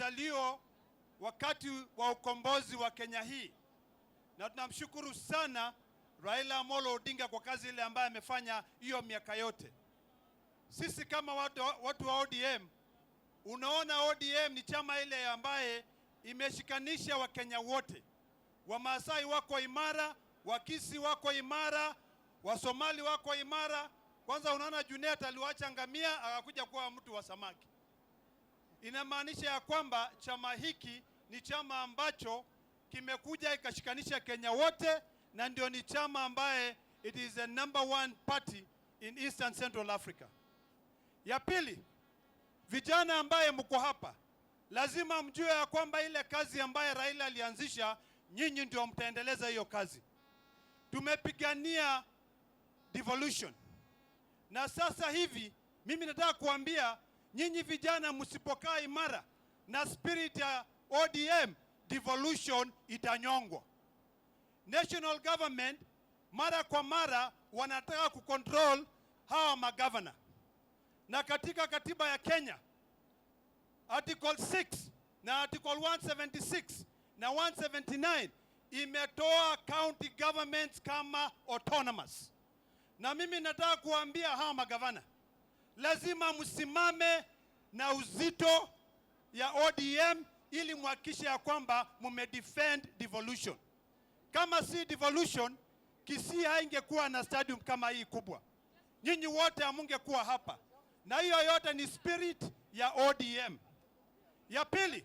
alizaliwa wakati wa ukombozi wa Kenya hii, na tunamshukuru sana Raila Amolo Odinga kwa kazi ile ambayo amefanya hiyo miaka yote. Sisi kama watu, watu wa ODM, unaona ODM ni chama ile ambaye imeshikanisha Wakenya wote. Wamaasai wako imara, Wakisi wako imara, Wasomali wako imara. Kwanza unaona Junet aliwacha ngamia akakuja kuwa mtu wa samaki inamaanisha ya kwamba chama hiki ni chama ambacho kimekuja ikashikanisha Kenya wote, na ndio ni chama ambaye it is the number one party in Eastern Central Africa. Ya pili, vijana ambaye mko hapa lazima mjue ya kwamba ile kazi ambaye Raila alianzisha, nyinyi ndio mtaendeleza hiyo kazi. Tumepigania devolution na sasa hivi mimi nataka kuambia nyinyi vijana msipokaa imara na spirit ya ODM, devolution itanyongwa. National government mara kwa mara wanataka kucontrol hawa magavana, na katika katiba ya Kenya article 6 na article 176 na 179 imetoa county governments kama autonomous, na mimi nataka kuambia hawa magavana lazima msimame na uzito ya ODM ili muhakikishe ya kwamba defend devolution. Kama si devolution, Kisii haingekuwa na stadium kama hii kubwa, nyinyi wote hamungekuwa hapa, na hiyo yote ni spirit ya ODM. Ya pili,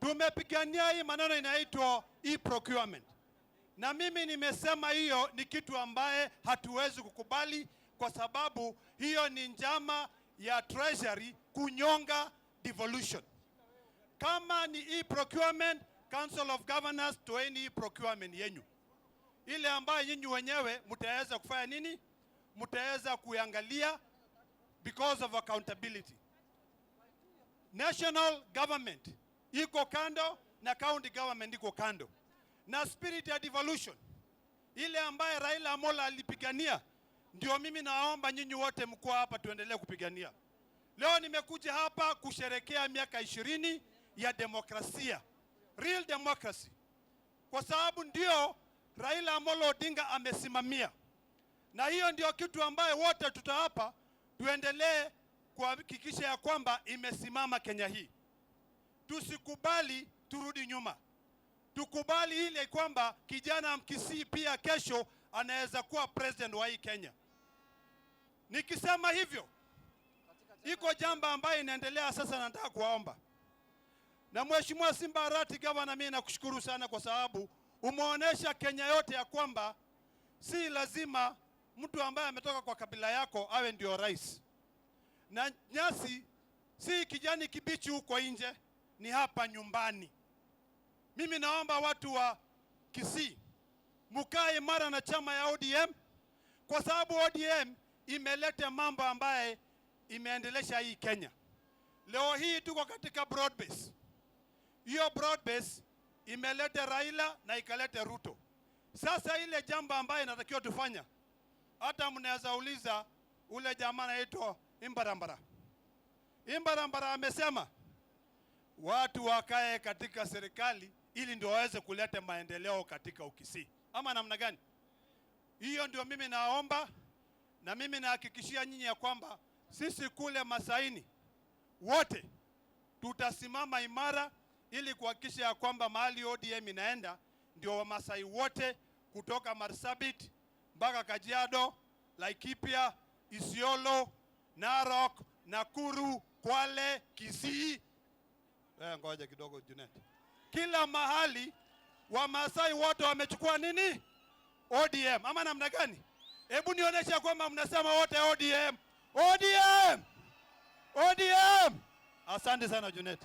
tumepigania hii maneno inaitwa e-procurement, na mimi nimesema hiyo ni kitu ambaye hatuwezi kukubali kwa sababu hiyo ni njama ya treasury kunyonga devolution. Kama ni e-procurement, Council of Governors, toeni procurement yenyu ile ambayo nyinyi wenyewe mtaweza kufanya nini, mtaweza kuangalia because of accountability. National government iko kando na county government iko kando, na spirit ya devolution ile ambayo Raila Amolo alipigania ndio mimi naomba nyinyi wote mko hapa tuendelee kupigania. Leo nimekuja hapa kusherekea miaka ishirini ya demokrasia, real democracy, kwa sababu ndio Raila Amolo Odinga amesimamia, na hiyo ndio kitu ambayo wote tuta hapa tuendelee kuhakikisha ya kwamba imesimama Kenya hii. Tusikubali turudi nyuma, tukubali ile kwamba kijana Mkisii pia kesho anaweza kuwa president wa hii Kenya. Nikisema hivyo, iko jambo ambayo inaendelea sasa, nataka kuwaomba na Mheshimiwa Simba Arati, gavana, mimi nakushukuru sana kwa sababu umeonyesha Kenya yote ya kwamba si lazima mtu ambaye ametoka kwa kabila yako awe ndio rais, na nyasi si kijani kibichi huko nje, ni hapa nyumbani. Mimi naomba watu wa Kisii mukae imara na chama ya ODM kwa sababu ODM imeleta mambo ambaye imeendelesha hii Kenya. Leo hii tuko katika broad base. Hiyo broad base imeleta Raila na ikaleta Ruto. Sasa ile jambo ambaye inatakiwa tufanya, hata mnaweza uliza ule jamaa anaitwa Imbarambara. Imbarambara amesema watu wakae katika serikali ili ndio waweze kuleta maendeleo katika Ukisii, ama namna gani? Hiyo ndio mimi naomba na mimi nahakikishia nyinyi ya kwamba sisi kule Masaini wote tutasimama imara ili kuhakikisha ya kwamba mahali ODM inaenda ndio Wamasai wote kutoka Marsabit mpaka Kajiado, Laikipia, Isiolo, Narok, Nakuru, Kwale, Kisii. Eh, ngoja kidogo Junet. Kila mahali Wamasai wote wamechukua nini? ODM ama namna gani? Hebu nionyeshe kwamba mnasema wote ODM. ODM. ODM. Asante sana Junet.